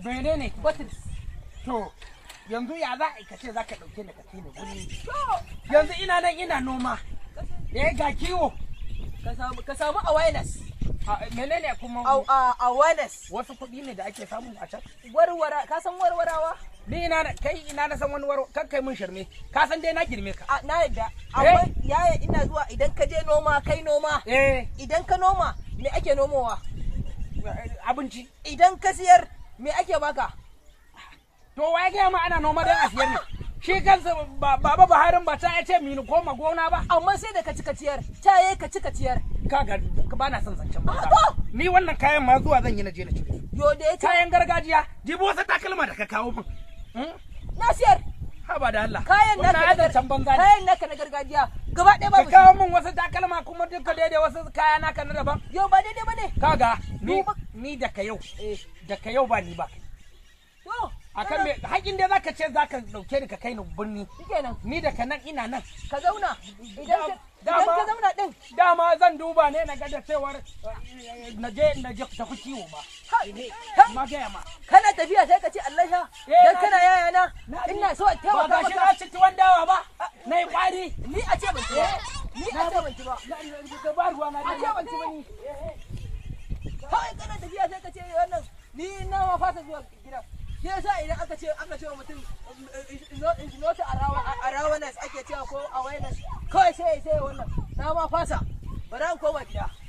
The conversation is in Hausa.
bene ne kwatis to yanzu ya za a ce za ka dauke ni ka guri yanzu ina nan ina noma eh ga kiwo ka samu awareness menene kuma awareness wasu kuɗi ne da ake samu a can warwara ka san warwarawa ni ina da kai ina na san wani waro kan kai mun shirme ka san dai na girme ka na yadda akwai eh? yaya ina zuwa idan ka je noma kai noma eh. idan ka noma me ake nomowa abinci idan ka siyar me ake baka to wa ya ma ana noma don a siyar ne shi kansa baba Buharin ba ta ya ce mini koma gona ba amma sai da ka kaciyar ta yayi ka kaciyar kaga ba na son zancen ba ah, ni wannan kayan ma zuwa zan yi na je na cire yo da yake kayan gargajiya jibo wasu takalma da ka kawo min hmm? na siyar haba da Allah kayan na da can banza kayan naka na gargajiya gaba ɗaya ba ka kawo min wasu takalma kuma duka daidai wasu kaya naka na daban yo ba daidai ba ne kaga ni da ka yau eh. daga yau ba ni ba kai akan me hakin da zaka ce zaka dauke ni ka kai ni birni shikenan ni daga nan ina nan ka zauna idan ka zauna din dama zan duba ne na ga da cewar eh, na je ta ku ciwo ba Ha. ma ga ma kana tafiya sai ka ce Allah sha eh, dan kana yaya na ina so ta ba ga shi na ci tuwan dawa ba nayi kwari ni a ce ban ci ba eh, ni a ce ban ci ba ga ba ruwa na a ce ban ci ba ni kai kana tafiya sai ka ce wannan fasa zuwa gidan shi yasa idan aka ce aka ce mutum is not awareness ake cewa ko awareness kawai sai sai wannan na ma fasa ba za koma gida